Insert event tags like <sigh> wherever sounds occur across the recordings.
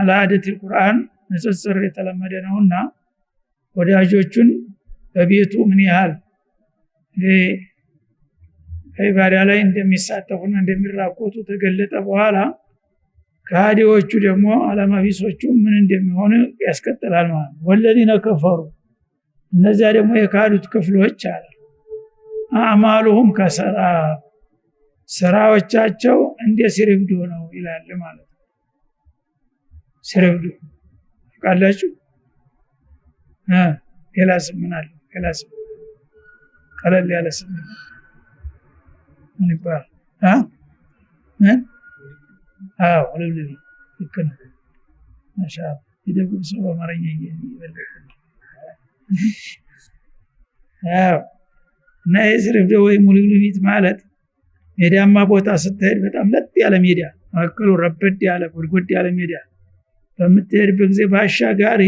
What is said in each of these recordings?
አላአደት ቁርአን ንጽጽር የተለመደ ነውና ወዳጆቹን በቤቱ ምን ያህል ከኢባዳ ላይ እንደሚሳተፉና እንደሚራቆቱ ተገለጠ በኋላ ከሃዲዎቹ ደግሞ አለማቢሶቹ ምን እንደሚሆኑ ያስቀጥላል ማለት ነው ወለዚነ ከፈሩ እነዚያ ደግሞ የካዱት ክፍሎች አለ አዕማሉሁም ከሰራ ስራዎቻቸው እንደ ሲርብዶ ነው ይላል ማለት ሰረብዱ ቃላችሁ ሌላ ስም ምን አለ? ሌላ ስም ቀለል ያለ ስም ምን ይባላል? ምን አዎ፣ ልብልብ ልክ ነው። ማሻ የደቡብ ሰው በአማርኛ ይበልጥ እና የስርብደ ወይ ሙልብልቢት ማለት ሜዳማ ቦታ ስትሄድ በጣም ለጥ ያለ ሜዳ መካከሉ ረበድ ያለ ጎድጎድ ያለ ሜዳ በምትሄድበት ጊዜ በአሻጋሪ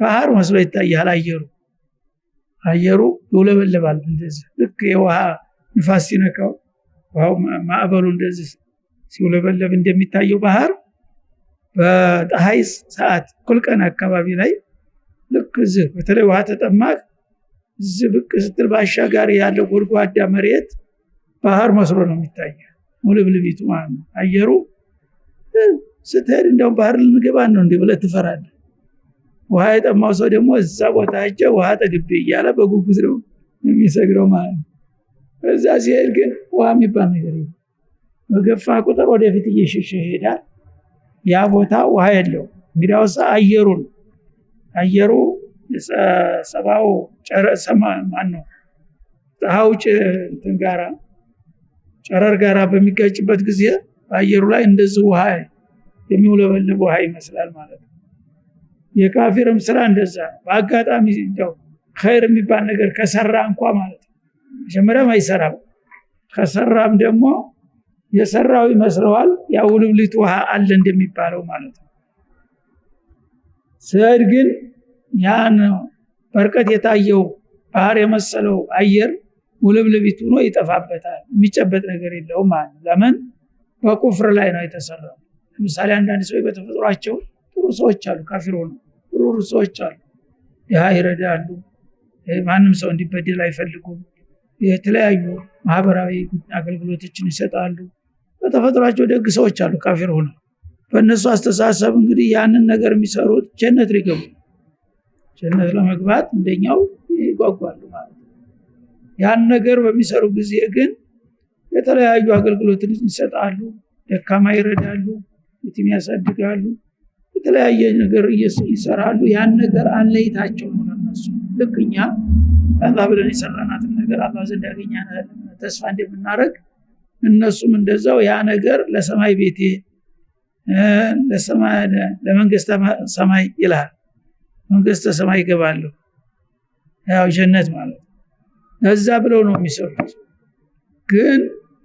ባህር መስሎ ይታያል አየሩ አየሩ ይውለበለባል እንደዚህ ልክ የውሃ ንፋስ ሲነካው ውሃው ማዕበሉ እንደዚህ ሲውለበለብ እንደሚታየው ባህር በጠሀይ ሰዓት ኩልቀን አካባቢ ላይ ልክ እዚህ በተለይ ውሃ ተጠማቅ እዚህ ብቅ ስትል በአሻጋሪ ያለው ጎድጓዳ መሬት ባህር መስሎ ነው የሚታየ ሙልብልቢቱ ማለት ነው አየሩ ስትሄድ እንደውም ባህር ልንገባ ነው እንዲህ ብለህ ትፈራለህ። ውሃ የጠማው ሰው ደግሞ እዛ ቦታ ሄጄ ውሃ ጠግቤ እያለ በጉጉት ነው የሚሰግረው ማለት ነው። እዛ ሲሄድ ግን ውሃ የሚባል ነገር የለም። በገፋ ቁጥር ወደፊት እየሸሸ ይሄዳል። ያ ቦታ ውሃ የለው። እንግዲያውስ አየሩ ነው አየሩ ሰባው ጨረሰማ ማን ነው ፀሐው እንትን ጋራ ጨረር ጋራ በሚጋጭበት ጊዜ በአየሩ ላይ እንደዚህ ውሃ የሚውለበልብ ውሃ ይመስላል ማለት ነው። የካፊርም ስራ እንደዛ በአጋጣሚ እንደው ኸይር የሚባል ነገር ከሰራ እንኳ ማለት ነው መጀመሪያም አይሰራም። ከሰራም ደግሞ የሰራው ይመስለዋል። ያውልብሊት ውሃ አለ እንደሚባለው ማለት ነው። ሰድ ግን ያን በርቀት የታየው ባህር የመሰለው አየር ውልብልቢት ሆኖ ይጠፋበታል። የሚጨበጥ ነገር የለውም ለምን በቁፍር ላይ ነው የተሰራው። ለምሳሌ አንዳንድ ሰዎች በተፈጥሯቸው ጥሩ ሰዎች አሉ፣ ካፊር ነው ጥሩ ሰዎች አሉ። ያ ይረዳሉ፣ ማንም ሰው እንዲበድል አይፈልጉም። የተለያዩ ማህበራዊ አገልግሎቶችን ይሰጣሉ። በተፈጥሯቸው ደግ ሰዎች አሉ፣ ካፊር ሆነ በእነሱ አስተሳሰብ እንግዲህ ያንን ነገር የሚሰሩት ጀነት ሊገቡ ጀነት ለመግባት እንደኛው ይጓጓሉ ማለት ነው። ያን ነገር በሚሰሩ ጊዜ ግን የተለያዩ አገልግሎትን ይሰጣሉ፣ ደካማ ይረዳሉ፣ ቲም ያሳድጋሉ፣ የተለያየ ነገር ይሰራሉ። ያን ነገር አለይታቸው ነው ለነሱ ልክኛ አላ ብለን የሰራናትን ነገር አላ ዘንድ ያገኛ ተስፋ እንደምናደረግ እነሱም እንደዛው ያ ነገር ለሰማይ ቤቴ ለመንግስተ ሰማይ ይላል። መንግስተ ሰማይ ይገባለሁ፣ ያው ጀነት ማለት ነው። እዛ ብለው ነው የሚሰሩት፣ ግን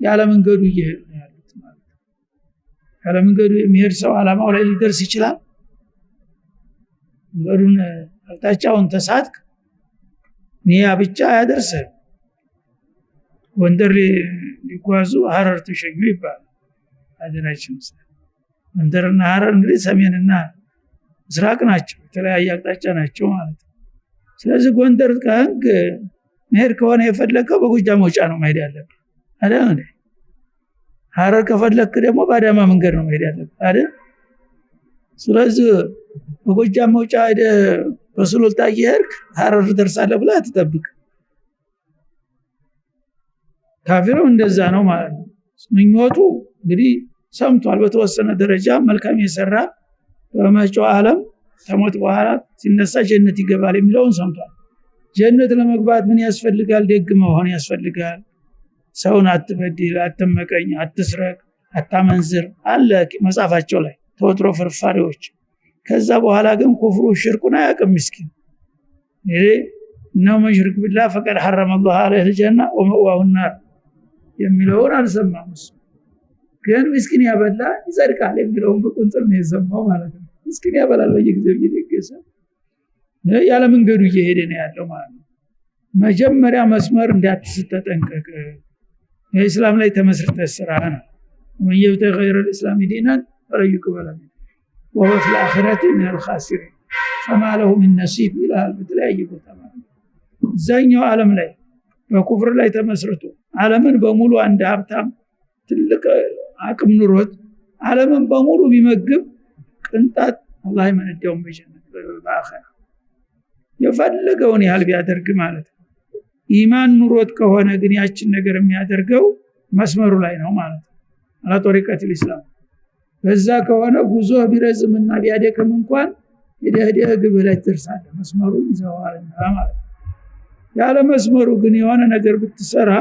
ያለ መንገዱ እየሄዱ ያለ መንገዱ የሚሄድ ሰው አላማው ላይ ሊደርስ ይችላል መንገዱን አቅጣጫውን ተሳትክ ኒያ ብቻ ያደርሰ ጎንደር ሊጓዙ ሀረር ተሸኙ ይባላል ሀገራችን ውስጥ ጎንደርና ሀረር እንግዲህ ሰሜንና ምስራቅ ናቸው የተለያየ አቅጣጫ ናቸው ማለት ነው ስለዚህ ጎንደር ከህግ መሄድ ከሆነ የፈለገው በጎጃም መውጫ ነው መሄድ ያለብህ አዳ ሀረር ከፈለክ ደግሞ በአዳማ መንገድ ነው መሄድ ያለብህ አይደል? ስለዚህ በጎጃም መውጫ ሄደህ በሱሉልታ እየሄድክ ሀረር ደርሳለህ ብላ አትጠብቅ። ካፊሮም እንደዛ ነው ማለት ነው። ምኞቱ እንግዲህ ሰምቷል። በተወሰነ ደረጃ መልካም የሰራ በመጫው አለም ከሞት በኋላ ሲነሳ ጀነት ይገባል የሚለውን ሰምቷል። ጀነት ለመግባት ምን ያስፈልጋል? ደግ መሆን ያስፈልጋል። ሰውን አትበድል፣ አትመቀኝ፣ አትስረቅ፣ አታመንዝር አለ መጽሐፋቸው ላይ ተወትሮ ፍርፋሪዎች። ከዛ በኋላ ግን ኩፍሩ ሽርቁን አያቅም ምስኪን እንግዲህ እነው መሽርክ ብላ ፈቀድ ሐረመ ላሁ አለይህ ልጀና የሚለውን አልሰማም። እሱ ግን ምስኪን ያበላ ይጸድቃል የሚለውን በቁንጥር ነው የሰማው ማለት ነው። ምስኪን ያበላል በየጊዜው እየደገሰ ያለ መንገዱ እየሄደ ነው ያለው ማለት ነው። መጀመሪያ መስመር እንዳትስተጠንቀቅ የእስላም ላይ ተመስርተ ስራህ ነው ወመን የብተ ገይረ ልእስላም ዲናን ፈለን ዩቅበለ ሚን ወሆ ፊ ልአኺረቲ ምን ልካሲሪን ፈማ ለሁ ምን ነሲብ ይልሃል በተለያየ ቦታ ማለት ነው እዛኛው ዓለም ላይ በኩፍር ላይ ተመስርቶ ዓለምን በሙሉ አንድ ሀብታም ትልቅ አቅም ኑሮት ዓለምን በሙሉ ቢመግብ ቅንጣት አላህ ይመነዳውን በጀነት በአኸራ የፈለገውን ያህል ቢያደርግ ማለት ነው ኢማን ኑሮት ከሆነ ግን ያችን ነገር የሚያደርገው መስመሩ ላይ ነው ማለት ነው አላ ጦሪቀት ልስላም በዛ ከሆነ ጉዞ ቢረዝምና ቢያደክም እንኳን ሂደህ ግብህ ላይ ትደርሳለህ መስመሩ ይዘዋል ማለት ነው ያለ መስመሩ ግን የሆነ ነገር ብትሰራ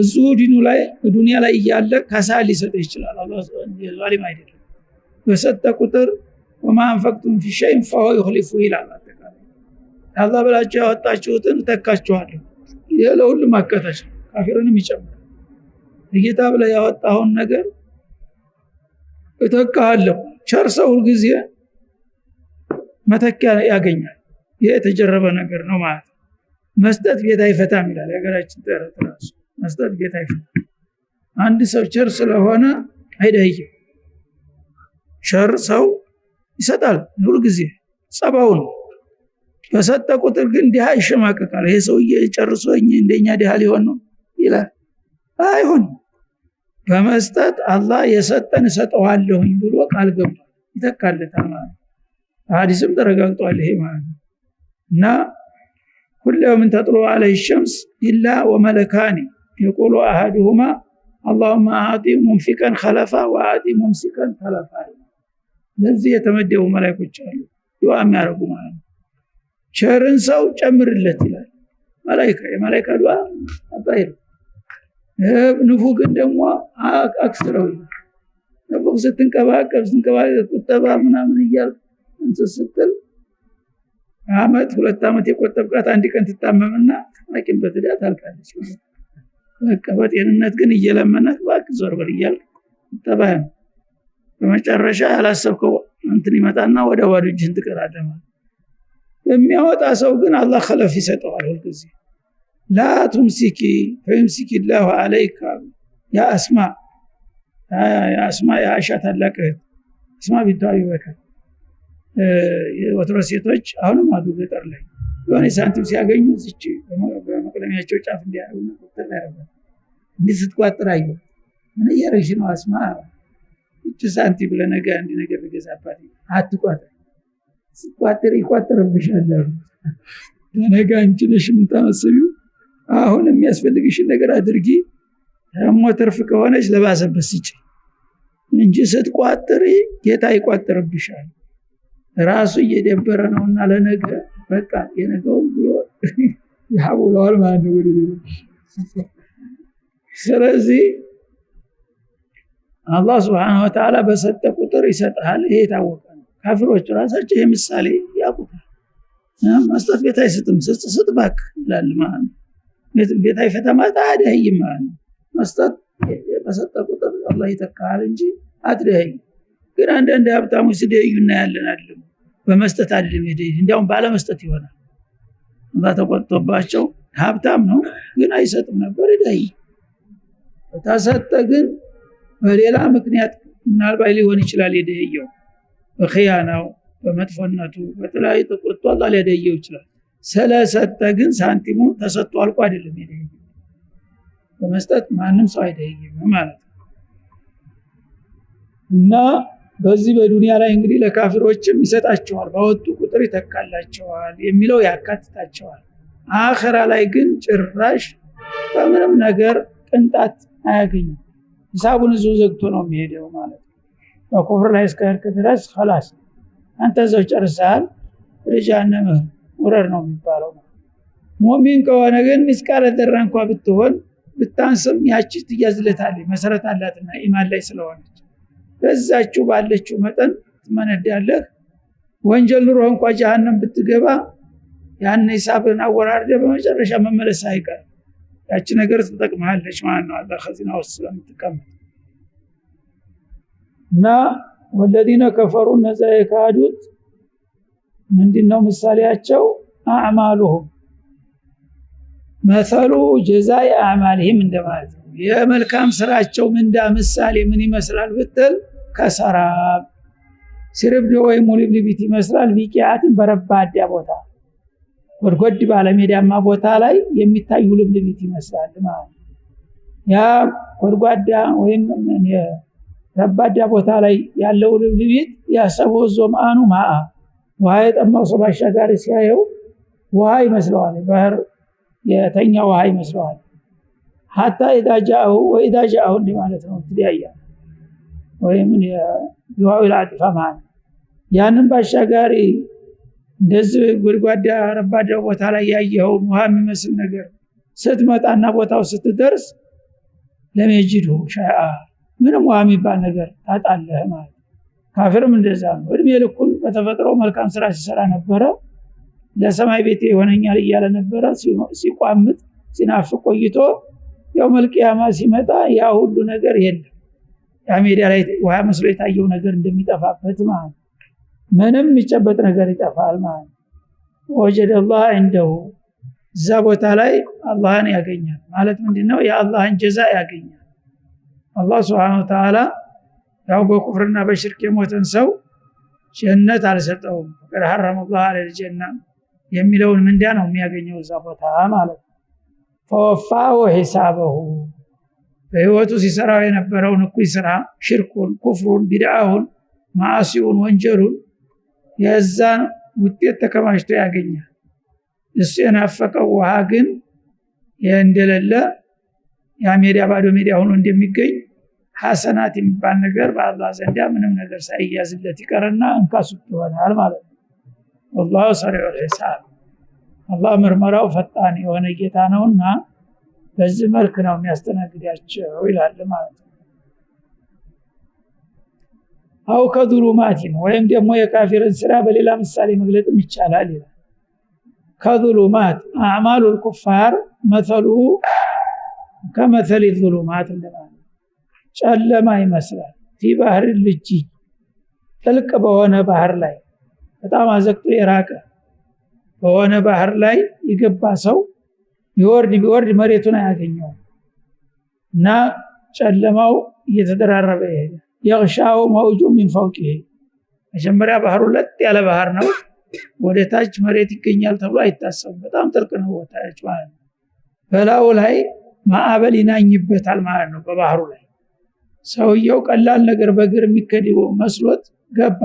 እዙ ዲኑ ላይ ዱኒያ ላይ እያለ ከሳ ሊሰጠ ይችላል ዛሊም አይደለም በሰጠ ቁጥር ወማ አንፈቅቱም ፊሸይን ፈሆ ይክሊፉ ይላል አላህ ብላችሁ ያወጣችሁትን ተካችኋለሁ። ይህ ለሁሉም አካታች ነው፣ ካፊርንም ይጨምራል። በኪታብ ላይ ያወጣኸውን ነገር እተካሃለሁ። ቸር ሰው ሁልጊዜ መተኪያ ያገኛል። ይህ የተጀረበ ነገር ነው ማለት ነው። መስጠት ቤት አይፈታም ይላል የሀገራችን ተረት ራሱ። መስጠት ቤት አይፈታም። አንድ ሰው ቸር ስለሆነ አይደይም። ቸር ሰው ይሰጣል ሁልጊዜ ጸባው ነው። የሰጠ ቁጥር ግን ድሃ ይሸማቀቃል። ይሄ ሰውዬ ጨርሶ እንደኛ ድሃ ሊሆን ነው ይላል። አይሁን በመስጠት አላህ የሰጠን እሰጠዋለሁኝ ብሎ ቃል ገብቷል። ይተካለታል ማለት ሀዲስም ተረጋግጧል። ይሄ ማለት ነው እና ኩለ የውምን ተጥሎ አለይ ሸምስ ኢላ ወመለካኒ የቁሉ አሃዱሁማ አላሁመ አጢ ሙምፊቀን ከለፋ ወአጢ ሙምሲቀን ተለፋ። ለዚህ የተመደቡ መላይኮች አሉ ዱዓ የሚያደርጉ ማለት ነው። ቸርን ሰው ጨምርለት ይላል መላይካ የመላይካ ዱዓ አባይ ንፉግን ደግሞ አክስረው ይላል ንፉግ ስትንቀባቀብ ስትንቀባቀብ ቁጠባ ምናምን እያል እንትን ስትል አመት ሁለት አመት የቆጠብቃት አንድ ቀን ትታመምና ማቂን በትዳ ታልቃለች። በቃ በጤንነት ግን እየለመናት ባክ ዞር በል እያልክ ተባህ በመጨረሻ ያላሰብከው እንትን ይመጣና ወደ ባዶ እጅህን ትቀራለህ የሚያወጣ ሰው ግን አላህ ከለፍ ይሰጠዋል ሁልጊዜ ላ ቱምሲኪ ፈዩምሲኪ ላሁ አለይካ ያ አስማ አስማ የአሻ ታላቅ እህት አስማ ቢንቱ አቢ በከር ወትሮ ሴቶች አሁንም አሉ ገጠር ላይ የሆነ ሳንቲም ሲያገኙ ዝች በመቅለሚያቸው ጫፍ እንዲያደርጉ ቁጥር ያደርጋል እንዲህ ስትቋጥር አየሁ ምን እያረግሽ ነው አስማ እች ሳንቲ ብለህ አንድ ነገር ልገዛባት አትቋጥር ስቋጥር ይቋጥርብሻል አሉ። ነገ አንቺ ነሽ የምታመስቢው። አሁን የሚያስፈልግሽን ነገር አድርጊ። ደግሞ ትርፍ ከሆነች ለባሰበት ስጪ እንጂ ስትቋጥሪ ጌታ ይቋጥርብሻል። ራሱ እየደበረ ነውና ለነገ በቃ የነገውን ብሎ <laughs> ያቡለዋል ማለት ነው። ስለዚህ አላህ ስብሐነሁ ወተዓላ በሰጠ ቁጥር ይሰጥሃል። ይሄ የታወቀ ካፊሮች ራሳቸው ይህ ምሳሌ ያውቁታል። መስጠት ቤት አይስጥም፣ ስጥ ባክ ይላል ማለት ነው። ቤት አይፈታ ማለት አያደኸይም ማለት ነው። መስጠት በሰጠ ቁጥር አላህ ይተካል እንጂ አትደኸይም። ግን አንዳንድ ሀብታሞች ሲደዩ እናያለን። አይደለም በመስጠት አይደለም የደዩ እንዲያውም ባለመስጠት ይሆናል። እዛ ተቆጥቶባቸው ሀብታም ነው ግን አይሰጥም ነበር ይደይ ተሰጠ ግን በሌላ ምክንያት ምናልባት ሊሆን ይችላል የደየው በክያናው በመጥፎነቱ በተለያዩ ተቆጥቶ አላ ሊያደየው ይችላል። ስለሰጠ ግን ሳንቲሙ ተሰጥቶ አልቆ አይደለም ደ በመስጠት ማንም ሰው አይደይም ማለት ነው። እና በዚህ በዱንያ ላይ እንግዲህ ለካፊሮችም ይሰጣቸዋል፣ በወጡ ቁጥር ይተካላቸዋል የሚለው ያካትታቸዋል። አኸራ ላይ ግን ጭራሽ በምንም ነገር ቅንጣት አያገኝም። ሂሳቡን እዙ ዘግቶ ነው የሚሄደው ማለት ነው። በኩፍር ላይ እስከህርክ ድረስ ከላስ አንተ ዘው ጨርሰሃል። ልጃነም ውረር ነው የሚባለው። ሙእሚን ከሆነ ግን ሚስቃለ ደራ እንኳ ብትሆን ብታንስም ያቺ ትያዝለታለች። መሰረት አላትና ኢማን ላይ ስለሆነች በዛችሁ ባለችው መጠን ትመነዳለህ። ወንጀል ኑሮ እንኳ ጀሃነም ብትገባ ያን ሂሳብን አወራርደ በመጨረሻ መመለስ አይቀርም። ያቺ ነገር ትጠቅመሃለች ማለት ነው አላ ከዚና ውስጥ ስለምትቀመጥ እና ወለዚነ ከፈሩ እነዛ የካዱት ምንድን ነው ምሳሌያቸው አዕማሉሁም መሰሉ ጀዛይ አዕማልህም እንደማለት ነው የመልካም ስራቸው ምንዳ ምሳሌ ምን ይመስላል ብትል ከሰራብ ሲርብዶ ወይም ሙልብልቢት ይመስላል ቢቂያትን በረባዳ ቦታ ጎድጎድ ባለሜዳማ ቦታ ላይ የሚታይ ውልብልቢት ይመስላል ማለት ያ ጎድጓዳ ወይም ረባዳ ቦታ ላይ ያለው ልብልቢት ያሰቦ ዞ መአኑ ማአ ውሃ የጠማው ሰው ባሻጋሪ ሲያየው ውሃ ይመስለዋል። ባህር የተኛ ውሃ ይመስለዋል። ሀታ ኢዳጃአሁ ወኢዳጃአሁ እንዲህ ማለት ነው። ትያያ ወይም ቢዋዊ ለአጢፋ መሀል ያንን ባሻጋሪ እንደዚህ ጉድጓዳ ረባዳ ቦታ ላይ ያየኸውን ውሃ የሚመስል ነገር ስትመጣና ቦታው ስትደርስ ለሜጅድሁ ሻአ ምንም ውሃ የሚባል ነገር ታጣለህ ማለት ነው። ካፍርም እንደዛ ነው። እድሜ ልኩን በተፈጥሮ መልካም ስራ ሲሰራ ነበረ። ለሰማይ ቤት የሆነኛል እያለ ነበረ ሲቋምጥ ሲናፍ ቆይቶ ያው መልቅያማ ሲመጣ ያ ሁሉ ነገር የለም። ያ ላይ ውሃ መስሎ የታየው ነገር እንደሚጠፋበት ማለት ምንም የሚጨበጥ ነገር ይጠፋል ማለት ነው። ወጀደ ላህ እንደው እዛ ቦታ ላይ አላህን ያገኛል ማለት ምንድነው? የአላህን ጀዛ ያገኛል። አላህ ስብሓን ተዓላ ያው በኩፍርና በሽርክ የሞተን ሰው ጀነት አልሰጠውም ፈቀድ ሐረመ ላሁ ዐለይሂ የሚለውን ምንዳ ነው የሚያገኘው እዛ ቦታ ማለት ነው ፈወፋው ሂሳበሁ በህይወቱ ሲሰራው የነበረውን እኩይ ስራ ሽርኩን ኩፍሩን ቢድአሁን ማዕሲውን ወንጀሉን የዛን ውጤት ተከማችቶ ያገኛል እሱ የናፈቀው ውሃ ግን እንደሌለ ያ ሜዲያ ባዶ ሜዳ ሆኖ እንደሚገኝ ሀሰናት የሚባል ነገር በአላህ ዘንዳ ምንም ነገር ሳይያዝለት ይቀርና እንካሱ ይሆናል ማለት ነው። ወላሁ ሰሪዑል ሒሳብ አላህ ምርመራው ፈጣን የሆነ ጌታ ነውና በዚህ መልክ ነው የሚያስተናግዳቸው ይላል ማለት ነው። አው ከዙሉማቲን ወይም ደግሞ የካፊርን ስራ በሌላ ምሳሌ መግለጥም ይቻላል ይላል። ከዙሉማት አዕማሉል ኩፋር መተሉ ከመሰል ዙሉማት እንደማለ ጨለማ ይመስላል። ፊ ባህር ልጅ ጥልቅ በሆነ ባህር ላይ በጣም አዘቅጦ የራቀ በሆነ ባህር ላይ የገባ ሰው ቢወርድ ቢወርድ መሬቱን አያገኘውም እና ጨለማው እየተደራረበ ይሄ የቅሻው መውጁ ሚን ፈውቅ ይሄ መጀመሪያ ባህሩ ለጥ ያለ ባህር ነው። ወደ ታች መሬት ይገኛል ተብሎ አይታሰብም። በጣም ጥልቅ ነው ወታች ማለት ነው። በላው ላይ ማዕበል ይናኝበታል ማለት ነው በባህሩ ላይ ሰውየው ቀላል ነገር በእግር የሚከድበው መስሎት ገባ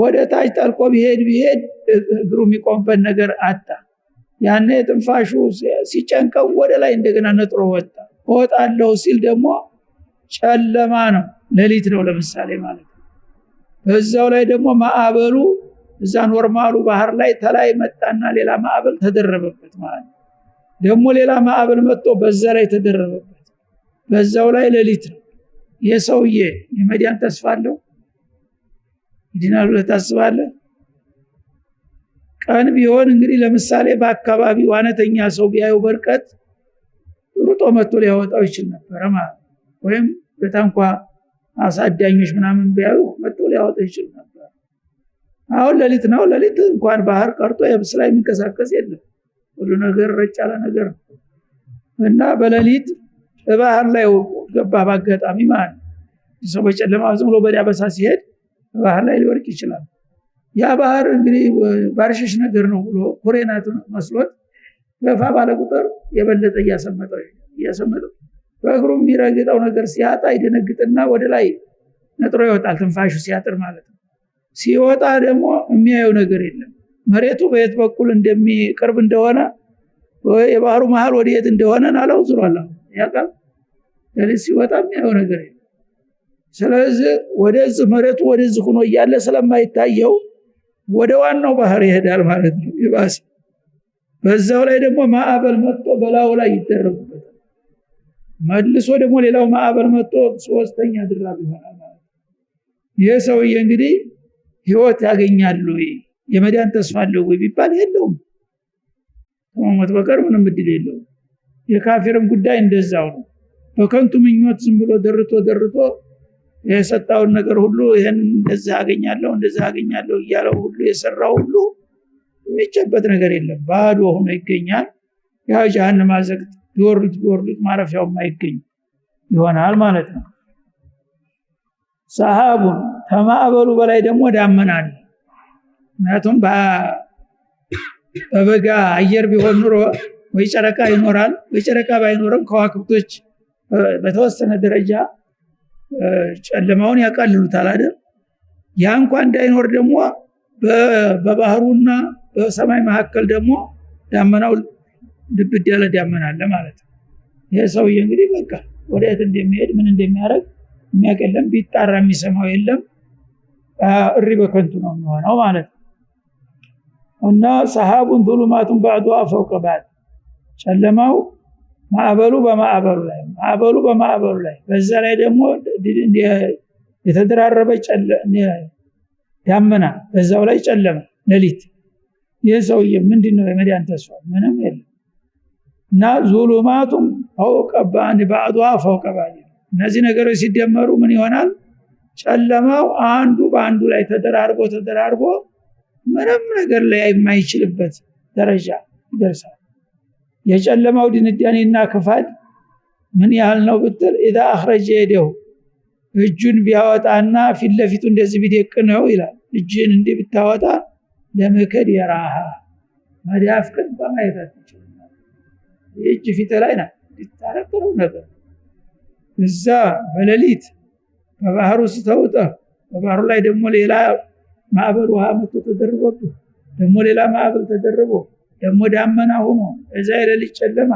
ወደ ታች ጠልቆ ቢሄድ ቢሄድ እግሩ የሚቆምበት ነገር አጣ ያነ የትንፋሹ ሲጨንቀው ወደ ላይ እንደገና ነጥሮ ወጣ ወጣለው ሲል ደግሞ ጨለማ ነው ሌሊት ነው ለምሳሌ ማለት ነው በዛው ላይ ደግሞ ማዕበሉ እዛ ኖርማሉ ባህር ላይ ተላይ መጣና ሌላ ማዕበል ተደረበበት ማለት ነው ደግሞ ሌላ ማዕበል መጥቶ በዛ ላይ ተደረበበት በዛው ላይ ሌሊት ነው ይህ ሰውዬ የመዲያን ተስፋ አለው ይድናል ብለህ ቀን ቢሆን እንግዲህ ለምሳሌ በአካባቢ ዋነተኛ ሰው ቢያዩ በርቀት ሩጦ መጥቶ ሊያወጣው ይችል ነበረ ማለት ወይም በታንኳ አሳዳኞች ምናምን ቢያዩ መጥቶ ሊያወጣ ይችል ነበር አሁን ሌሊት ነው ለሊት እንኳን ባህር ቀርጦ የብስ ላይ የሚንቀሳቀስ የለም ሁሉ ነገር ረጭ ያለ ነገር እና በሌሊት በባህር ላይ ገባ በአጋጣሚ ማለት ሰው በጨለማ ዝም ብሎ በዳበሳ ሲሄድ ባህር ላይ ሊወርቅ ይችላል ያ ባህር እንግዲህ ባርሸሽ ነገር ነው ብሎ ኮሬናት መስሎት ገፋ ባለ ቁጥር የበለጠ እያሰመጠው በእግሩ የሚረግጠው ነገር ሲያጣ ይደነግጥና ወደ ላይ ነጥሮ ይወጣል ትንፋሹ ሲያጥር ማለት ነው ሲወጣ ደግሞ የሚያየው ነገር የለም መሬቱ በየት በኩል እንደሚቀርብ እንደሆነ የባህሩ መሀል ወደየት እንደሆነ ናለው ያቃል ያውቃል። ሲወጣ የሚያየው ነገር ስለዚህ ወደዚ መሬቱ ወደዚህ ሆኖ እያለ ስለማይታየው ወደ ዋናው ባህር ይሄዳል ማለት ነው። ይባስ በዛው ላይ ደግሞ ማዕበል መጥቶ በላዩ ላይ ይደረጉበታል። መልሶ ደግሞ ሌላው ማዕበል መጥቶ ሶስተኛ ድራብ ይሆናል ማለት ነው። ይህ ሰውዬ እንግዲህ ህይወት ያገኛል ። ወይ? የመዳን ተስፋ አለው ወይ ቢባል የለውም። ከመሞት በቀር ምንም እድል የለውም። የካፊርም ጉዳይ እንደዛው ነው። በከንቱ ምኞት ዝም ብሎ ደርቶ ደርቶ የሰጣውን ነገር ሁሉ ይህን እንደዚህ አገኛለሁ እንደዚህ አገኛለሁ እያለው ሁሉ የሰራው ሁሉ የሚጨበት ነገር የለም። ባዶ ሆኖ ይገኛል። ያ ጃሃን አዘቅት ቢወርዱት ቢወርዱት ማረፊያው አይገኝ ይሆናል ማለት ነው። ሰሃቡን ከማዕበሉ በላይ ደግሞ ዳመና ምክንያቱም በበጋ አየር ቢሆን ኑሮ ወይ ጨረቃ ይኖራል ወይ ጨረቃ ባይኖርም ከዋክብቶች በተወሰነ ደረጃ ጨለማውን ያቃልሉታል አይደል ያ እንኳ እንዳይኖር ደግሞ በባህሩና በሰማይ መካከል ደግሞ ዳመናው ድብድ ያለ ዳመናለ አለ ማለት ነው ይህ ሰውዬ እንግዲህ በቃ ወደየት እንደሚሄድ ምን እንደሚያደርግ የሚያቀለም ቢጣራ የሚሰማው የለም እሪ በከንቱ ነው የሚሆነው ማለት ነው እና ሰሃቡን ዙሉማቱን ባዕዱዋ ፈውቀ ባዕድ ጨለማው ማዕበሉ በማዕበሉ ላይ ማዕበሉ በማዕበሉ ላይ በዛ ላይ ደግሞ የተደራረበ ዳመና በዛው ላይ ጨለመ ሌሊት ይህ ሰውዬ ምንድን ነው የመዳን ተስፋ ምንም የለም እና ዙሉማቱም ፈውቀ ባዕድ ባዕዱዋ እነዚህ ነገሮች ሲደመሩ ምን ይሆናል ጨለማው አንዱ በአንዱ ላይ ተደራርቦ ተደራርቦ ምንም ነገር ላይ የማይችልበት ደረጃ ይደርሳል። የጨለማው ድንዳኔና ክፋት ምን ያህል ነው ብትል ኢዛ አኽረጀ የደሁ እጁን ቢያወጣና ፊት ለፊቱ እንደዚህ ቢደቅ ነው ይላል። እጅን እንዲህ ብታወጣ ለመከድ የራሃ መዳፍ ቅን በማየታት ይችላል። የእጅ ፊት ላይ ናት ሊታረቅሩ ነገር እዛ በሌሊት በባህሩ ስተውጠ በባህሩ ላይ ደግሞ ሌላ ማዕበል ውሃ መቶ ተደርቦብህ ደግሞ ሌላ ማዕበል ተደርቦ ደግሞ ዳመና ሆኖ እዛ የሌሊት ጨለማ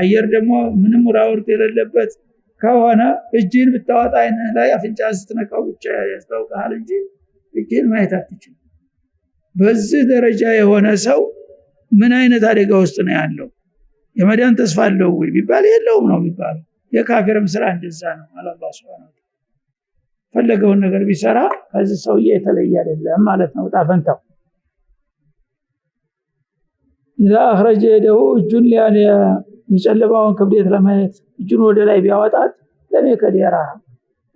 አየር ደግሞ ምንም ውራውርት የሌለበት ከሆነ እጅን ብታወጣ አይንህ ላይ አፍንጫ ስትነካው ብቻ ያስታውቀሃል እንጂ እጅን ማየት አትችል በዚህ ደረጃ የሆነ ሰው ምን አይነት አደጋ ውስጥ ነው ያለው የመዳን ተስፋ አለው ወይ ቢባል የለውም ነው የሚባለው የካፊርም ስራ እንደዛ ነው አላላ ስብን ፈለገውን ነገር ቢሰራ ከዚህ ሰውዬ የተለየ አይደለም ማለት ነው። ጣፈንተው ፈንታው ኢዛ አኽረጀ የደሁ እጁን የጨለማውን ክብደት ለማየት እጁን ወደ ላይ ቢያወጣት ለሜ ከዴራ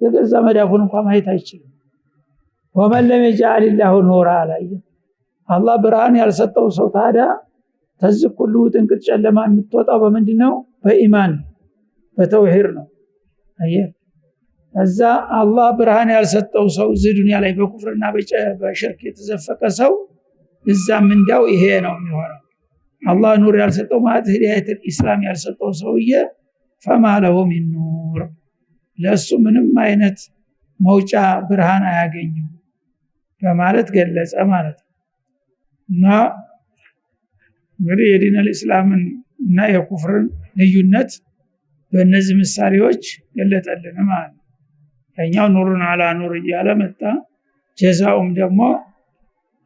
የገዛ መዳፉን እንኳ ማየት አይችልም። ወመን ለም የጃአል ላሁ ኑራ አላየ አላህ ብርሃን ያልሰጠው ሰው ታዲያ ተዝቅ ሁሉ ጥንቅት ጨለማ የምትወጣው በምንድን ነው? በኢማን በተውሂድ ነው። አየህ እዛ አላህ ብርሃን ያልሰጠው ሰው እዚህ ዱኒያ ላይ በኩፍርና በሽርክ የተዘፈቀ ሰው እዛም ምንዳው ይሄ ነው የሚሆነው። አላህ ኑር ያልሰጠው ማለት ህዳየትን ኢስላም ያልሰጠው ሰውዬ ፈማለሁ ሚን ኑር፣ ለእሱ ምንም አይነት መውጫ ብርሃን አያገኝም በማለት ገለጸ ማለት ነው። እና እንግዲህ የዲን ኢስላምን እና የኩፍርን ልዩነት በእነዚህ ምሳሌዎች ገለጠልን ማለት ነው። ከኛው ኑሩን አላ ኑር እያለ መጣ። ጀዛኡም ደግሞ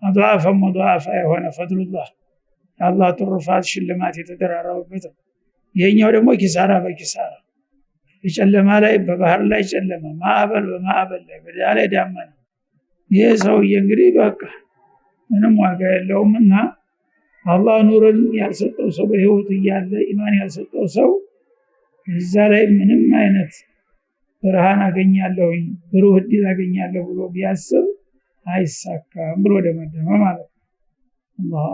አድዋአፈ መድዋአፋ የሆነ ፈድሉላህ የአላህ ትሩፋት ሽልማት የተደራረበበት ይሄኛው ደግሞ ኪሳራ በኪሳራ በጨለማ ላይ በባህር ላይ ጨለማ፣ ማዕበል በማዕበል ላይ በዳ ላይ ዳመና። ይህ ሰውዬ እንግዲህ በቃ ምንም ዋጋ የለውም እና አላህ ኑርን ያልሰጠው ሰው በህይወት እያለ ኢማን ያልሰጠው ሰው እዛ ላይ ምንም አይነት ብርሃን አገኛለሁኝ ብሩህ እድል አገኛለሁ ብሎ ቢያስብ አይሳካም ብሎ ደመደመ ማለት ነው።